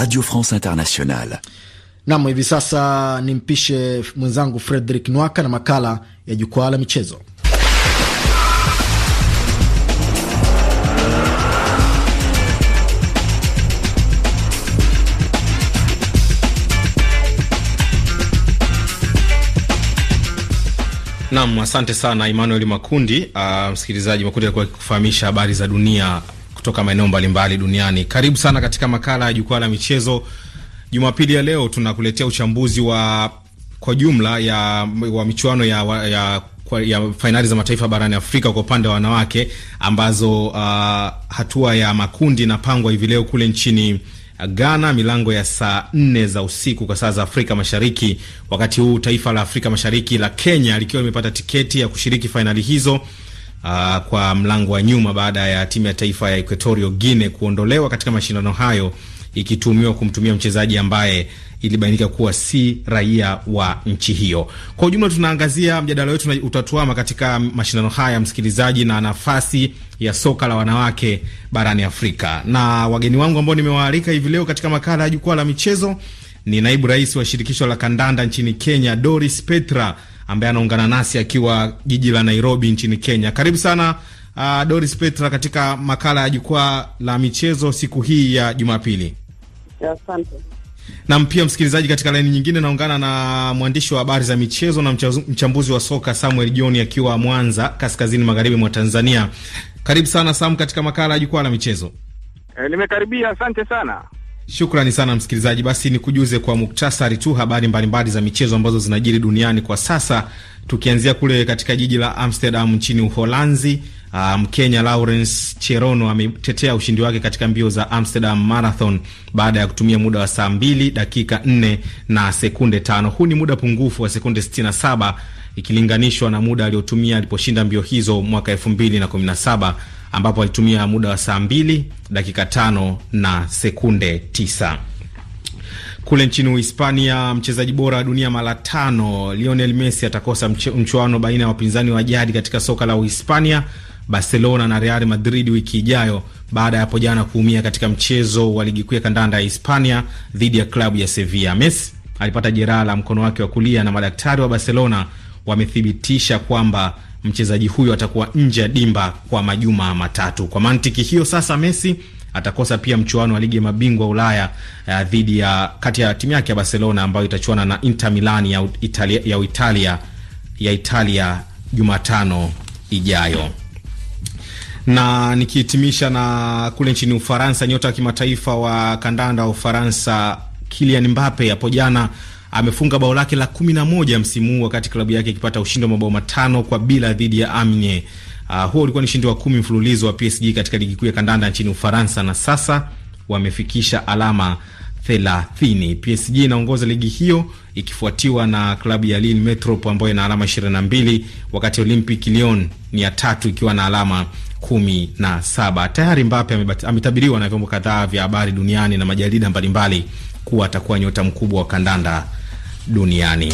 Radio France Internationale. Nam, hivi sasa nimpishe mwenzangu Frederick Nwaka na makala ya jukwaa la michezo. Nam, asante sana Emmanuel Makundi. Uh, msikilizaji Makundi alikuwa akikufahamisha habari za dunia kutoka maeneo mbalimbali duniani. Karibu sana katika makala ya jukwaa la michezo Jumapili ya leo. Tunakuletea uchambuzi wa kwa jumla ya wa michuano ya, ya, ya fainali za mataifa barani Afrika kwa upande wa wanawake ambazo uh, hatua ya makundi inapangwa hivi leo kule nchini Ghana milango ya saa nne za usiku kwa saa za Afrika Mashariki. Wakati huu taifa la Afrika Mashariki la Kenya likiwa limepata tiketi ya kushiriki fainali hizo uh, kwa mlango wa nyuma baada ya timu ya taifa ya Equatorio Guine kuondolewa katika mashindano hayo ikitumiwa kumtumia mchezaji ambaye ilibainika kuwa si raia wa nchi hiyo. Kwa ujumla, tunaangazia mjadala wetu utatuama katika mashindano haya, msikilizaji, na nafasi ya soka la wanawake barani Afrika, na wageni wangu ambao nimewaalika hivi leo katika makala ya jukwaa la michezo ni naibu rais wa shirikisho la kandanda nchini Kenya, Doris Petra ambaye anaungana nasi akiwa jiji la Nairobi nchini Kenya. Karibu sana uh, Doris Petra katika makala ya jukwaa la michezo siku hii ya Jumapili. Asante. Nam pia msikilizaji, katika laini nyingine naungana na mwandishi wa habari za michezo na mchambuzi wa soka Samuel John akiwa Mwanza, kaskazini magharibi mwa Tanzania. Karibu sana Sam katika makala ya jukwaa la michezo. E, nimekaribia. Asante sana. Shukrani sana msikilizaji. Basi nikujuze kwa muktasari tu habari mbalimbali za michezo ambazo zinajiri duniani kwa sasa, tukianzia kule katika jiji la Amsterdam nchini Uholanzi. Ah, Mkenya um, Lawrence Cherono ametetea ushindi wake katika mbio za Amsterdam Marathon baada ya kutumia muda wa saa 2 dakika 4 na sekunde tano. Huu ni muda pungufu wa sekunde 67 ikilinganishwa na muda aliotumia aliposhinda mbio hizo mwaka 2017 ambapo alitumia muda wa saa mbili dakika tano na sekunde tisa. Kule nchini Uhispania, mchezaji bora wa dunia mara tano Lionel Messi atakosa mchuano baina ya wapinzani wa jadi katika soka la Uhispania, Barcelona na Real Madrid wiki ijayo baada ya hapo jana kuumia katika mchezo wa ligi kuu ya kandanda ya Hispania dhidi ya klabu ya Sevilla. Messi alipata jeraha la mkono wake wa kulia na madaktari wa Barcelona wamethibitisha kwamba mchezaji huyo atakuwa nje ya dimba kwa majuma matatu. Kwa mantiki hiyo sasa Messi atakosa pia mchuano wa ligi ya mabingwa Ulaya eh, dhidi ya kati ya timu yake ya Barcelona ambayo itachuana na Inter Milan ya Italia, ya Italia, ya Italia Jumatano ijayo. Na nikihitimisha na kule nchini Ufaransa, nyota wa kimataifa wa kandanda wa Ufaransa Kylian Mbappe hapo jana amefunga bao lake la 11 msimu huu wakati klabu yake ikipata ushindi wa mabao matano kwa bila dhidi ya Amiens. Uh, huo ulikuwa ni ushindi wa kumi mfululizo wa PSG katika ligi kuu ya kandanda nchini Ufaransa na sasa wamefikisha alama thelathini. PSG inaongoza ligi hiyo ikifuatiwa na klabu ya Lille Metropole ambayo ina alama 22 wakati Olympic Lyon ni ya tatu ikiwa na alama kumi na saba. Tayari Mbappe ametabiriwa na vyombo kadhaa vya habari duniani na majarida mbalimbali kuwa atakuwa nyota mkubwa wa kandanda duniani.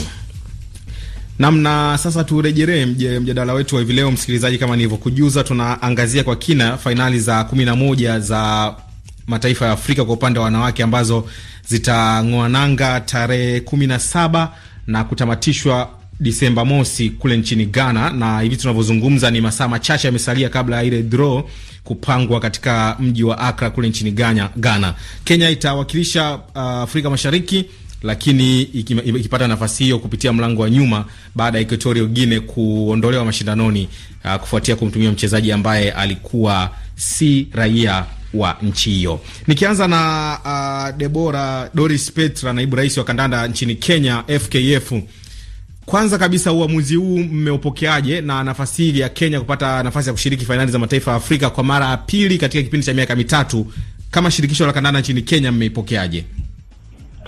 Namna sasa, turejelee mjadala wetu wa hivi leo, msikilizaji. Kama nilivyokujuza, tunaangazia kwa kina fainali za kumi na moja za mataifa ya Afrika kwa upande wa wanawake ambazo zitang'oananga tarehe kumi na saba na kutamatishwa Disemba mosi kule nchini Ghana, na hivi tunavyozungumza ni masaa machache yamesalia kabla ya ile draw kupangwa katika mji wa Akra kule nchini Ghana. Kenya itawakilisha uh, Afrika Mashariki lakini ikipata nafasi hiyo kupitia mlango wa nyuma baada ya Equatorial Guinea kuondolewa mashindanoni uh, kufuatia kumtumia mchezaji ambaye alikuwa si raia wa nchi hiyo. Nikianza na uh, Debora Doris Petra, naibu rais wa kandanda nchini Kenya FKF. Kwanza kabisa uamuzi huu mmeupokeaje, na nafasi hii ya Kenya kupata nafasi ya kushiriki fainali za mataifa ya Afrika kwa mara ya pili katika kipindi cha miaka mitatu kama shirikisho la kandanda nchini Kenya mmeipokeaje?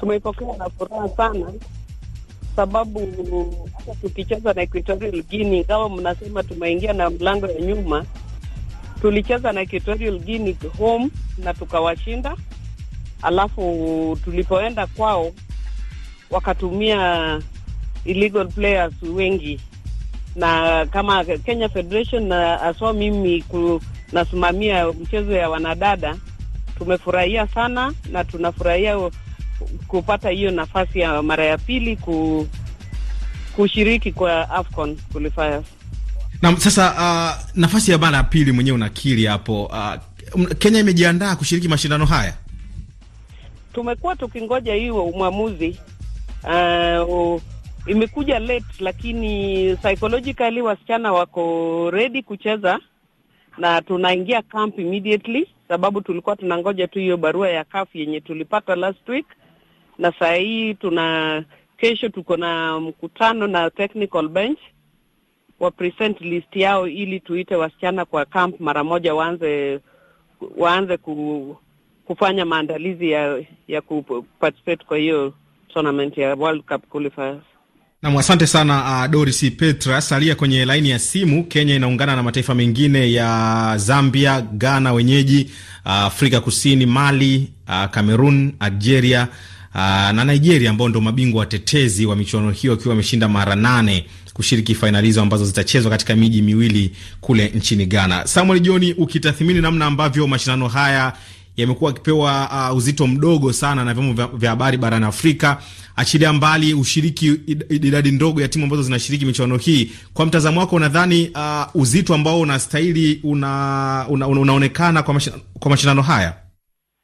tumeipokea na furaha sana, sababu hata tukicheza na Equatorial Guinea, ingawa mnasema tumeingia na mlango ya nyuma, tulicheza na Equatorial Guinea home na tukawashinda, alafu tulipoenda kwao wakatumia illegal players wengi, na kama Kenya Federation na aswa mimi nasimamia mchezo ya wanadada, tumefurahia sana na tunafurahia kupata hiyo nafasi ya mara ya pili ku, kushiriki kwa AFCON qualifiers. Na sasa uh, nafasi ya mara ya pili mwenyewe unakiri hapo uh, Kenya imejiandaa kushiriki mashindano haya. Tumekuwa tukingoja hiyo umwamuzi uh, imekuja late, lakini psychologically wasichana wako ready kucheza na tunaingia camp immediately, sababu tulikuwa tunangoja tu hiyo barua ya CAF yenye tulipata last week na saa hii tuna kesho tuko na mkutano na technical bench wa present list yao ili tuite wasichana kwa camp mara moja, waanze waanze ku, kufanya maandalizi ya ya kuparticipate kwa hiyo tournament ya World Cup qualifiers. Nam, asante sana uh, Doris Petra. Salia kwenye laini ya simu. Kenya inaungana na mataifa mengine ya Zambia, Ghana wenyeji, uh, Afrika Kusini, Mali, uh, Cameroon, Algeria Ah, na Nigeria ambao ndio mabingwa watetezi wa michuano hiyo wakiwa wameshinda mara nane kushiriki fainali hizo ambazo zitachezwa katika miji miwili kule nchini Ghana. Samuel John, ukitathmini namna ambavyo mashindano haya yamekuwa akipewa uh, ah, uzito mdogo sana na vyombo vya habari barani Afrika, achilia mbali ushiriki idadi ndogo ya timu ambazo zinashiriki michuano hii, kwa mtazamo wako unadhani uh, uzito ambao unastahili una, una, una, unaonekana kwa mashindano haya?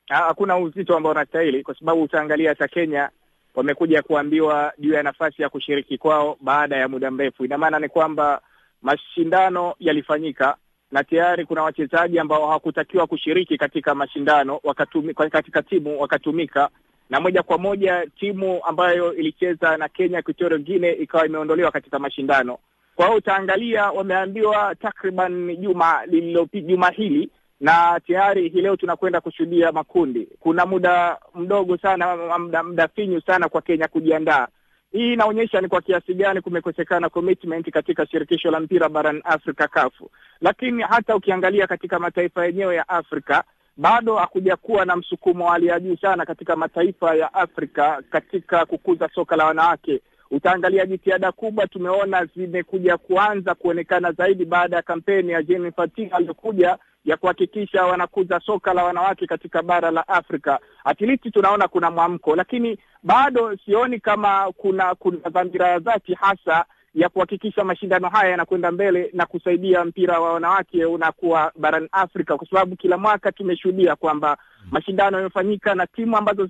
hakuna uzito ambao unastahili, kwa sababu utaangalia hata Kenya wamekuja kuambiwa juu ya nafasi ya kushiriki kwao baada ya muda mrefu. Ina maana ni kwamba mashindano yalifanyika na tayari kuna wachezaji ambao hawakutakiwa kushiriki katika mashindano wakatumi, katika timu wakatumika, na moja kwa moja timu ambayo ilicheza na Kenya Equatorial Guinea ikawa imeondolewa katika mashindano. Kwa hiyo utaangalia wameambiwa takriban juma lililopita, juma hili na tayari hii leo tunakwenda kushuhudia makundi. Kuna muda mdogo sana, muda, muda finyu sana kwa Kenya kujiandaa. Hii inaonyesha ni kwa kiasi gani kumekosekana commitment katika shirikisho la mpira barani Afrika kafu. Lakini hata ukiangalia katika mataifa yenyewe ya Afrika bado hakuja kuwa na msukumo wa hali ya juu sana katika mataifa ya Afrika katika kukuza soka la wanawake Utaangalia jitihada kubwa tumeona zimekuja kuanza kuonekana zaidi baada ya kampeni ya Jean aliyokuja ya kuhakikisha wanakuza soka la wanawake katika bara la Afrika. Atiliti tunaona kuna mwamko, lakini bado sioni kama kuna kuna dhamira ya dhati hasa ya kuhakikisha mashindano haya yanakwenda mbele na kusaidia mpira wa wanawake unakuwa barani Afrika, kwa sababu kila mwaka tumeshuhudia kwamba mm. mashindano yamefanyika na timu ambazo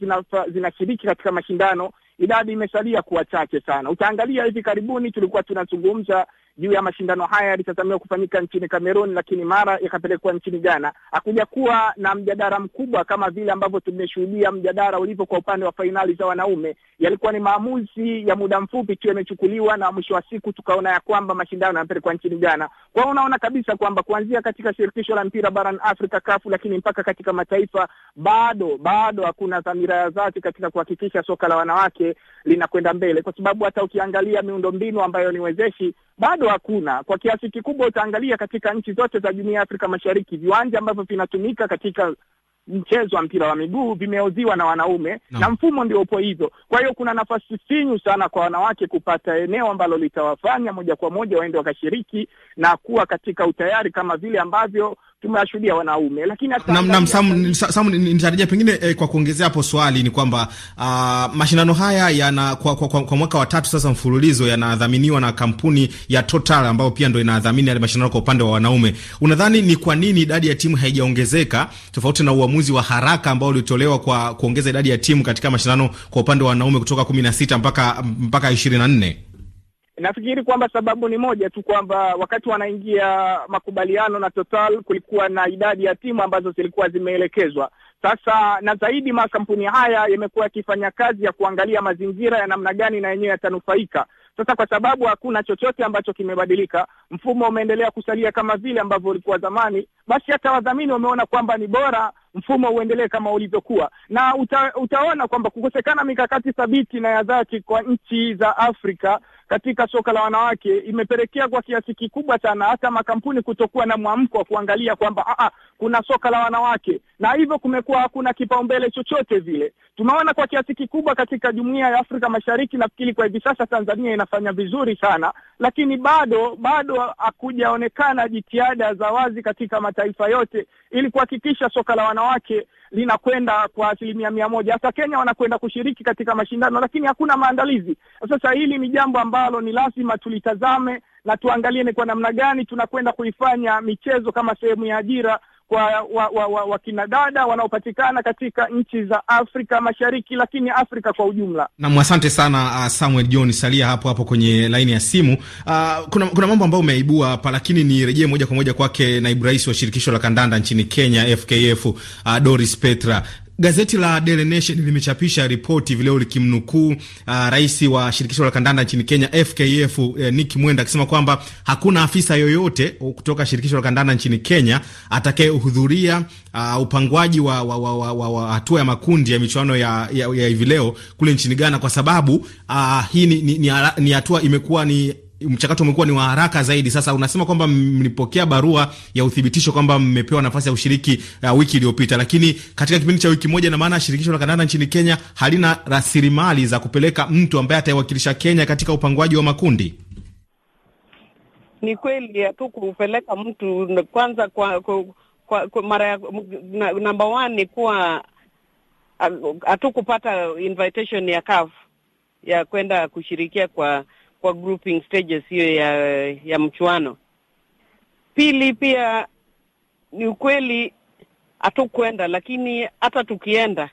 zinashiriki zina katika mashindano idadi imesalia kuwa chache sana. Utaangalia hivi karibuni tulikuwa tunazungumza juu ya mashindano haya yalitazamiwa kufanyika nchini Cameroon, lakini mara yakapelekwa nchini Ghana. Hakuja kuwa na mjadala mkubwa kama vile ambavyo tumeshuhudia mjadala ulivyo kwa upande wa fainali za wanaume. Yalikuwa ni maamuzi ya muda mfupi tu yamechukuliwa, na mwisho wa siku tukaona ya kwamba mashindano yanapelekwa nchini Ghana. Kwa hiyo unaona kabisa kwamba kuanzia katika shirikisho la mpira barani Afrika kafu, lakini mpaka katika mataifa bado bado hakuna dhamira ya dhati katika kuhakikisha soka la wanawake linakwenda mbele, kwa sababu hata ukiangalia miundombinu ambayo ni wezeshi bado hakuna. Kwa kiasi kikubwa utaangalia katika nchi zote za Jumuiya ya Afrika Mashariki, viwanja ambavyo vinatumika katika mchezo wa mpira wa miguu vimeoziwa na wanaume no. na mfumo ndio upo hivyo. Kwa hiyo kuna nafasi finyu sana kwa wanawake kupata eneo ambalo litawafanya moja kwa moja waende wakashiriki na kuwa katika utayari kama vile ambavyo tumewashuhudia wanaume, lakini Sam, nitarejea pengine eh, kwa kuongezea hapo swali ni kwamba uh, mashindano haya yana kwa, kwa, kwa, kwa mwaka wa tatu sasa mfululizo yanadhaminiwa na kampuni ya Total ambayo pia ndio inadhamini yale mashindano kwa upande wa wanaume. Unadhani ni kwa nini idadi ya timu haijaongezeka tofauti na uamuzi wa haraka ambao ulitolewa kwa kuongeza idadi ya timu katika mashindano kwa upande wa wanaume kutoka 16 mpaka mpaka 24? Nafikiri kwamba sababu ni moja tu kwamba wakati wanaingia makubaliano na Total kulikuwa na idadi ya timu ambazo zilikuwa zimeelekezwa. Sasa na zaidi, makampuni haya yamekuwa yakifanya kazi ya kuangalia mazingira ya namna gani na yenyewe yatanufaika. Sasa kwa sababu hakuna chochote ambacho kimebadilika, mfumo umeendelea kusalia kama vile ambavyo ulikuwa zamani, basi hata wadhamini wameona kwamba ni bora mfumo uendelee kama ulivyokuwa, na uta, utaona kwamba kukosekana mikakati thabiti na ya dhati kwa nchi za Afrika katika soka la wanawake imepelekea kwa kiasi kikubwa sana hata makampuni kutokuwa na mwamko wa kuangalia kwamba aa, ah, ah, kuna soka la wanawake, na hivyo kumekuwa hakuna kipaumbele chochote vile. Tumeona kwa kiasi kikubwa katika jumuiya ya Afrika Mashariki, nafikiri kwa hivi sasa Tanzania inafanya vizuri sana, lakini bado bado hakujaonekana jitihada za wazi katika mataifa yote ili kuhakikisha soka la wanawake linakwenda kwa asilimia mia moja. hasa Kenya wanakwenda kushiriki katika mashindano, lakini hakuna maandalizi. Sasa hili ni jambo ambalo ni lazima tulitazame na tuangalie ni kwa namna gani tunakwenda kuifanya michezo kama sehemu ya ajira kwa wakina wa, wa, wa dada wanaopatikana katika nchi za Afrika Mashariki, lakini Afrika kwa ujumla. Nam, asante sana uh, Samuel John, salia hapo hapo kwenye laini ya simu. Uh, kuna, kuna mambo ambayo umeibua hapa, lakini nirejee moja kwa moja kwake naibu rais wa shirikisho la kandanda nchini Kenya FKF, uh, Doris Petra. Gazeti la Daily Nation limechapisha ripoti vileo likimnukuu uh, rais wa shirikisho la kandanda nchini Kenya FKF eh, uh, Nick Mwenda akisema kwamba hakuna afisa yoyote kutoka shirikisho la kandanda nchini Kenya atakayehudhuria uh, upangwaji wa, wa, wa, wa, wa, wa hatua ya makundi ya michuano ya, ya, ya hivi leo kule nchini Ghana kwa sababu uh, hii ni, ni, ni, ni hatua imekuwa ni mchakato umekuwa ni wa haraka zaidi. Sasa unasema kwamba mlipokea barua ya uthibitisho kwamba mmepewa nafasi ya ushiriki ya uh, wiki iliyopita, lakini katika kipindi cha wiki moja, na maana shirikisho la kandanda nchini Kenya halina rasilimali za kupeleka mtu ambaye ataiwakilisha Kenya katika upangwaji wa makundi. Ni kweli hatu kupeleka mtu kwanza kwa, kwa, kwa, kwa mara na, namba one ni kuwa uh, hatukupata invitation ya CAF ya kwenda kushirikia kwa kwa grouping stages hiyo ya ya mchuano. Pili, pia ni ukweli hatukwenda, lakini hata tukienda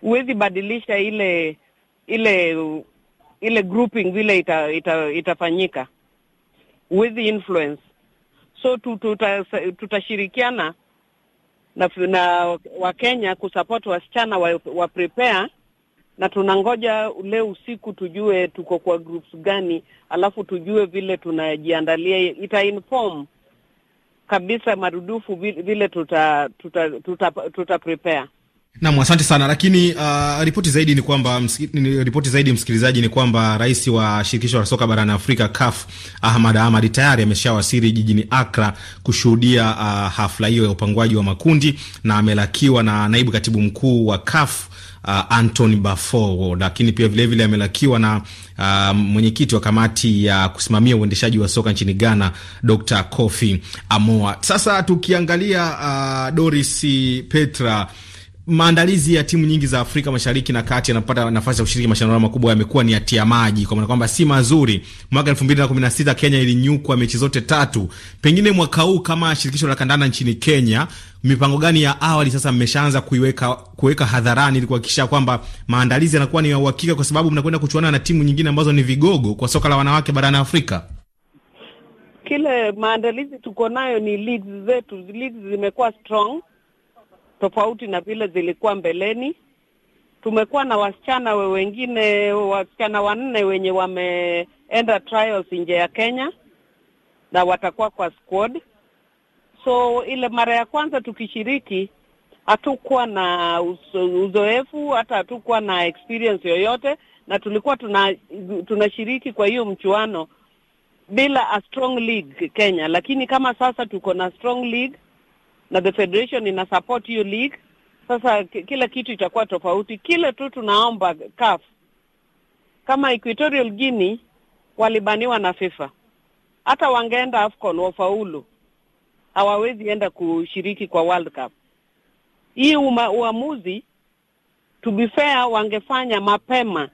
huwezi badilisha ile ile ile grouping vile ita, ita, itafanyika huwezi influence, so tutashirikiana tuta na, na Wakenya kusupport wasichana wa, wa prepare na tunangoja leo usiku tujue tuko kwa groups gani, alafu tujue vile tunajiandalia. inform kabisa marudufu vile tuta tuta, tuta, tuta prepare. Naam, asante sana. Lakini uh, ripoti zaidi ni kwamba ripoti zaidi msikilizaji, ni kwamba rais wa shirikisho la soka barani Afrika CAF Ahmad Ahmad tayari ameshawasili jijini Accra kushuhudia uh, hafla hiyo ya upangwaji wa makundi, na amelakiwa na naibu katibu mkuu wa CAF uh, Anthony Bafo, lakini pia vilevile amelakiwa na uh, mwenyekiti wa kamati ya uh, kusimamia uendeshaji wa soka nchini Ghana Dr. Kofi Amoa. Sasa tukiangalia uh, Doris Petra maandalizi ya timu nyingi za Afrika Mashariki na Kati yanapata nafasi ya kushiriki mashindano makubwa yamekuwa ni yatia maji, kwa maana kwamba si mazuri. Mwaka 2016 Kenya ilinyukwa mechi zote tatu. Pengine mwaka huu kama shirikisho la kandanda nchini Kenya, mipango gani ya awali sasa mmeshaanza kuiweka kuweka hadharani ili kuhakikisha kwamba maandalizi yanakuwa ni ya uhakika, kwa sababu mnakwenda kuchuana na timu nyingine ambazo ni vigogo kwa soka la wanawake barani Afrika? Kile maandalizi tuko nayo ni leads zetu, leads zimekuwa strong tofauti na vile zilikuwa mbeleni. Tumekuwa na wasichana we wengine wasichana wanne wenye wameenda trials nje ya Kenya na watakuwa kwa squad. So ile mara ya kwanza tukishiriki, hatukuwa na uzoefu hata hatukuwa na experience yoyote, na tulikuwa tuna tunashiriki kwa hiyo mchuano bila a strong league Kenya, lakini kama sasa tuko na strong league na the federation ina support hiyo league. Sasa kila kitu itakuwa tofauti. Kile tu tunaomba CAF, kama Equatorial Guinea walibaniwa na FIFA, hata wangeenda AFCON wafaulu, hawawezi enda kushiriki kwa World Cup. Hii uamuzi to be fair wangefanya mapema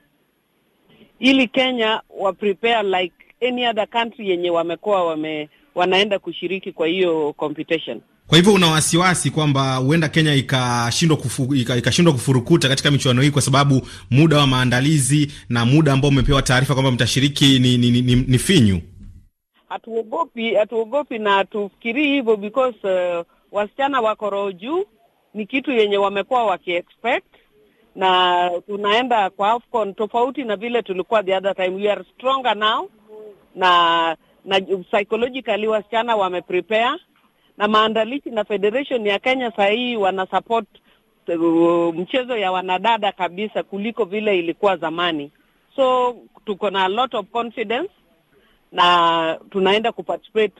ili Kenya wa prepare like any other country yenye wamekuwa wame, wanaenda kushiriki kwa hiyo competition. Kwa hivyo una wasiwasi kwamba huenda Kenya ikashindwa kufu, ikashindwa kufurukuta katika michuano hii kwa sababu muda wa maandalizi na muda ambao umepewa taarifa kwamba mtashiriki ni, ni, ni, ni finyu. Hatuogopi, hatuogopi na hatufikirii hivyo because uh, wasichana wako roho juu, ni kitu yenye wamekuwa wakiexpect na tunaenda kwa AFCON tofauti na vile tulikuwa the other time. We are stronger now na na psychologically wasichana wameprepare na maandalizi na Federation ya Kenya saa hii wana support uh, mchezo ya wanadada kabisa kuliko vile ilikuwa zamani, so tuko na a lot of confidence na tunaenda kuparticipate,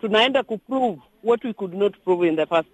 tunaenda kuprove what we could not prove in the first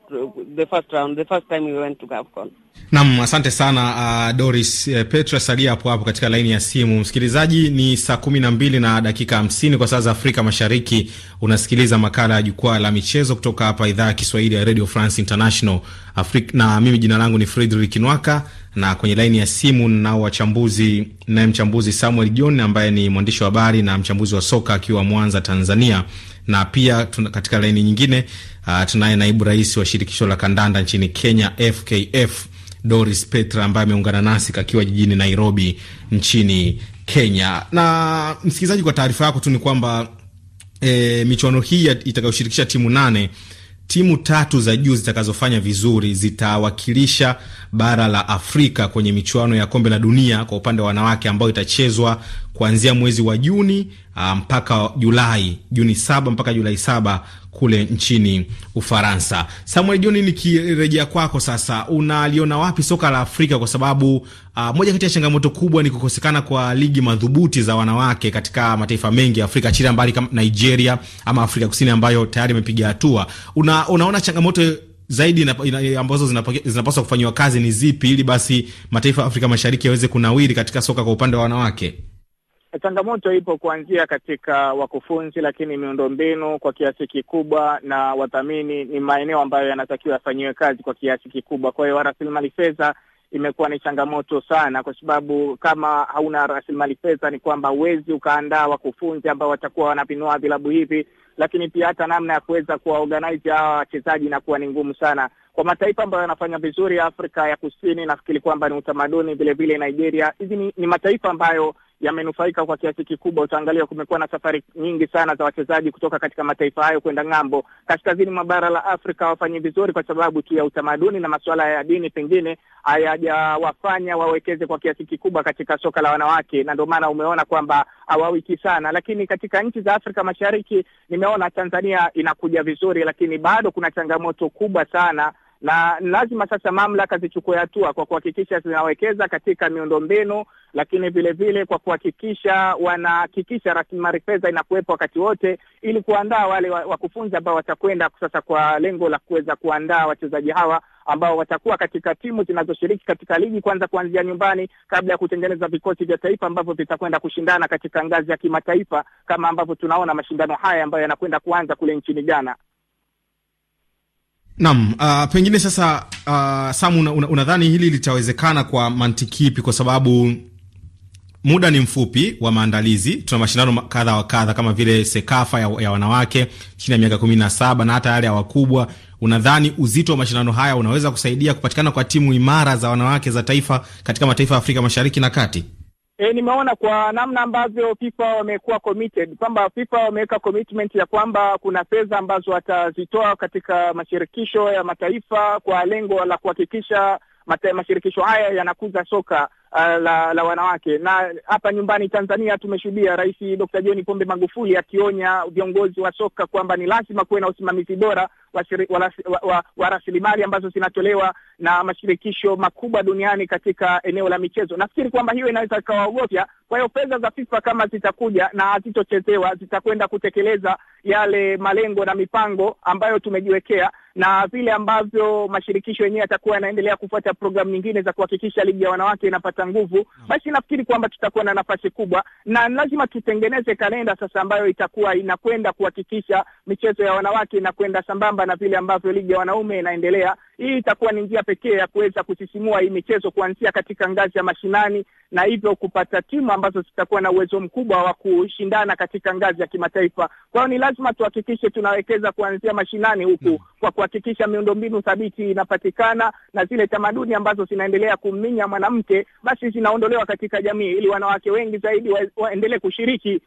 the first round the first time we went to Gafcon. Naam, asante sana uh, Doris uh, Petra, salia hapo hapo katika laini ya simu. Msikilizaji, ni saa kumi na mbili na dakika hamsini kwa saa za Afrika Mashariki. Unasikiliza makala ya jukwaa la michezo kutoka hapa idhaa ya Kiswahili ya Radio France International Afrika, na mimi jina langu ni Fredrik Nwaka na kwenye laini ya simu nao wachambuzi, naye mchambuzi Samuel John ambaye ni mwandishi wa habari na mchambuzi wa soka akiwa Mwanza, Tanzania na pia tuna, katika laini nyingine uh, tunaye naibu rais wa shirikisho la kandanda nchini Kenya FKF Doris Petra ambaye ameungana nasi akiwa jijini Nairobi nchini Kenya. Na msikilizaji, kwa taarifa yako tu ni kwamba e, michuano hii itakayoshirikisha timu nane timu tatu za juu zitakazofanya vizuri zitawakilisha bara la Afrika kwenye michuano ya kombe la dunia kwa upande wa wanawake ambayo itachezwa kuanzia mwezi wa Juni Ah, mpaka Julai Juni saba mpaka Julai saba kule nchini Ufaransa. Samuel Joni, nikirejea kwako sasa, unaliona wapi soka la Afrika? Kwa sababu uh, moja kati ya changamoto kubwa ni kukosekana kwa ligi madhubuti za wanawake katika mataifa mengi ya Afrika, achilia mbali kama Nigeria ama Afrika Kusini ambayo tayari imepiga hatua. Una, unaona changamoto zaidi ina, ina, ambazo zinapaswa kufanyiwa kazi ni zipi, ili basi mataifa ya Afrika Mashariki yaweze kunawiri katika soka kwa upande wa wanawake? Changamoto ipo kuanzia katika wakufunzi, lakini miundombinu kwa kiasi kikubwa na wadhamini ni maeneo ambayo yanatakiwa yafanyiwe kazi kwa kiasi kikubwa. Kwa hiyo rasilimali fedha imekuwa ni changamoto sana, kwa sababu kama hauna rasilimali fedha ni kwamba huwezi ukaandaa wakufunzi ambao watakuwa wanapinua vilabu hivi, lakini pia hata namna ya kuweza kuwaorganize hawa wachezaji inakuwa ni ngumu sana. Kwa mataifa ambayo yanafanya vizuri Afrika ya Kusini, nafikiri kwamba ni utamaduni vilevile, Nigeria. Hizi ni, ni mataifa ambayo yamenufaika kwa kiasi kikubwa. Utaangalia kumekuwa na safari nyingi sana za wachezaji kutoka katika mataifa hayo kwenda ng'ambo. Kaskazini mwa bara la Afrika hawafanyi vizuri kwa sababu tu ya utamaduni na masuala ya dini, pengine hayajawafanya wawekeze kwa kiasi kikubwa katika soka la wanawake, na ndio maana umeona kwamba hawawiki sana. Lakini katika nchi za Afrika Mashariki nimeona Tanzania inakuja vizuri, lakini bado kuna changamoto kubwa sana na lazima sasa mamlaka zichukue hatua kwa kuhakikisha zinawekeza katika miundo mbinu lakini vile vile kwa kuhakikisha wanahakikisha rasilimali fedha inakuwepo wakati wote, ili kuandaa wale wakufunzi ambao watakwenda sasa kwa lengo la kuweza kuandaa wachezaji hawa ambao watakuwa katika timu zinazoshiriki katika ligi kwanza kuanzia nyumbani kabla ya kutengeneza vikosi vya taifa ambavyo vitakwenda kushindana katika ngazi ya kimataifa kama ambavyo tunaona mashindano haya ambayo yanakwenda kuanza kule nchini Ghana. Naam, uh, pengine sasa uh, Sam unadhani una, una hili litawezekana kwa mantiki ipi? Kwa sababu muda ni mfupi wa maandalizi. Tuna mashindano kadha wa kadha kama vile Sekafa ya, ya wanawake chini ya miaka kumi na saba na hata yale ya wakubwa. Unadhani uzito wa mashindano haya unaweza kusaidia kupatikana kwa timu imara za wanawake za taifa katika mataifa ya Afrika Mashariki na Kati? E, nimeona kwa namna ambavyo FIFA wamekuwa committed kwamba FIFA wameweka commitment ya kwamba kuna fedha ambazo watazitoa katika mashirikisho ya mataifa kwa lengo la kuhakikisha mashirikisho haya yanakuza soka uh, la, la wanawake. Na hapa nyumbani Tanzania tumeshuhudia Rais Dr. John Pombe Magufuli akionya viongozi wa soka kwamba ni lazima kuwe na usimamizi bora wa, rasilimali ambazo zinatolewa na mashirikisho makubwa duniani katika eneo la michezo. Nafikiri kwamba hiyo inaweza ikawaogofya. Kwa hiyo fedha za FIFA kama zitakuja na hazitochezewa, zitakwenda kutekeleza yale malengo na mipango ambayo tumejiwekea na vile ambavyo mashirikisho yenyewe yatakuwa yanaendelea kufuata programu nyingine za kuhakikisha ligi ya wanawake inapata nguvu no. Hmm. Basi nafikiri kwamba tutakuwa na nafasi kubwa, na lazima tutengeneze kalenda sasa ambayo itakuwa inakwenda kuhakikisha michezo ya wanawake inakwenda sambamba sambamba na vile ambavyo ligi ya wanaume inaendelea. Hii itakuwa ni njia pekee ya kuweza kusisimua hii michezo kuanzia katika ngazi ya mashinani, na hivyo kupata timu ambazo zitakuwa na uwezo mkubwa wa kushindana katika ngazi ya kimataifa. Kwa hiyo ni lazima tuhakikishe tunawekeza kuanzia mashinani huku mm, kwa kuhakikisha miundombinu thabiti inapatikana na zile tamaduni ambazo zinaendelea kumminya mwanamke basi zinaondolewa katika jamii, ili wanawake wengi zaidi waendelee kushiriki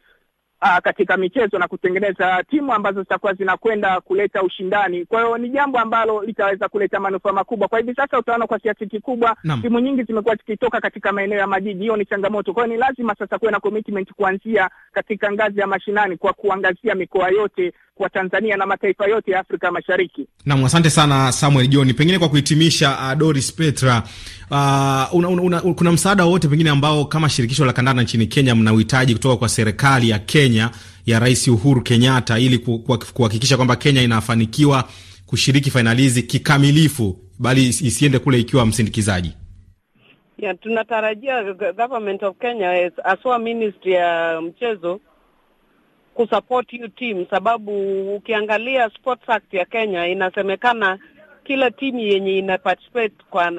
uh, katika michezo na kutengeneza timu ambazo zitakuwa zinakwenda kuleta ushindani. Kwa hiyo ni jambo ambalo litaweza kuleta manufaa makubwa. Kwa hivi sasa utaona kwa kiasi kikubwa timu nyingi zimekuwa zikitoka katika maeneo ya majiji, hiyo ni changamoto. Kwa hiyo ni lazima sasa kuwe na commitment kuanzia katika ngazi ya mashinani kwa kuangazia mikoa yote kwa Tanzania na mataifa yote ya Afrika Mashariki. Naam, asante sana Samuel John. Pengine kwa kuhitimisha, uh, Doris Petra, uh, una, una, una, kuna msaada wowote pengine ambao kama shirikisho la kandanda nchini Kenya mnauhitaji kutoka kwa serikali ya Kenya ya Rais Uhuru Kenyatta ili kuhakikisha kwamba Kenya inafanikiwa kushiriki fainali hizi kikamilifu, bali isiende kule ikiwa msindikizaji? Yeah, tunatarajia government of Kenya eh, aswa ministry ya mchezo kusupport hiyo team, sababu ukiangalia Sports Act ya Kenya inasemekana kila timu yenye ina kwa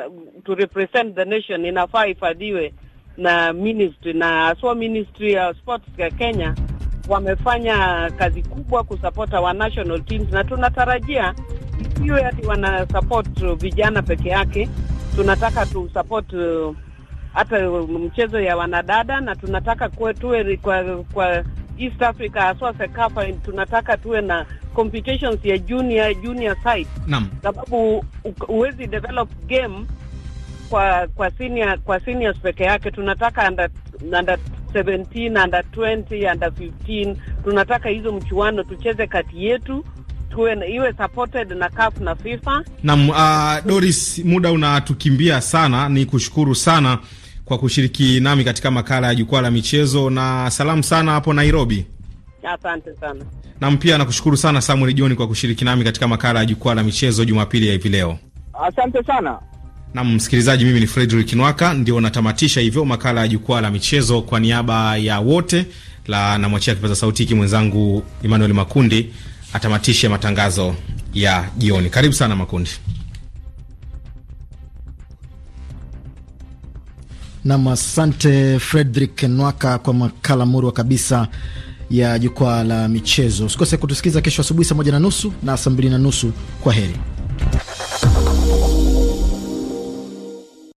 to represent the nation inafaa ifadhiwe na ministry na aswa ministry ya sports ya Kenya wamefanya kazi kubwa kusupport our national teams, na tunatarajia isiwe hati wana vijana peke yake. Tunataka tu uh, hata mchezo ya wanadada, na tunataka kuwe tuwe kwa, kwa East Africa haswa Sekafa, tunataka tuwe na competitions ya junior junior side, sababu huwezi develop game kwa kwa senior kwa seniors peke yake. Tunataka under, under 17 under 20 under 15, tunataka hizo mchuano tucheze kati yetu iwe supported na CAF na FIFA. Naam, uh, Doris, muda unatukimbia sana, ni kushukuru sana kwa kushiriki nami katika makala ya jukwaa la michezo, na salamu sana hapo Nairobi. Asante sana. Nam pia nakushukuru sana Samuel John kwa kushiriki nami katika makala ya jukwaa la michezo Jumapili ya hivi leo. Asante sana. Na msikilizaji, mimi ni Frederick Nwaka, ndio natamatisha hivyo makala ya jukwaa la michezo kwa niaba ya wote la namwachia kipaza sauti hiki mwenzangu Emmanuel Makundi atamatishe matangazo ya jioni. Karibu sana Makundi. Nam, asante Fredrick Nwaka kwa makala murwa kabisa ya jukwaa la michezo. Usikose kutusikiza kesho asubuhi saa moja na nusu na saa mbili na nusu. Kwa heri.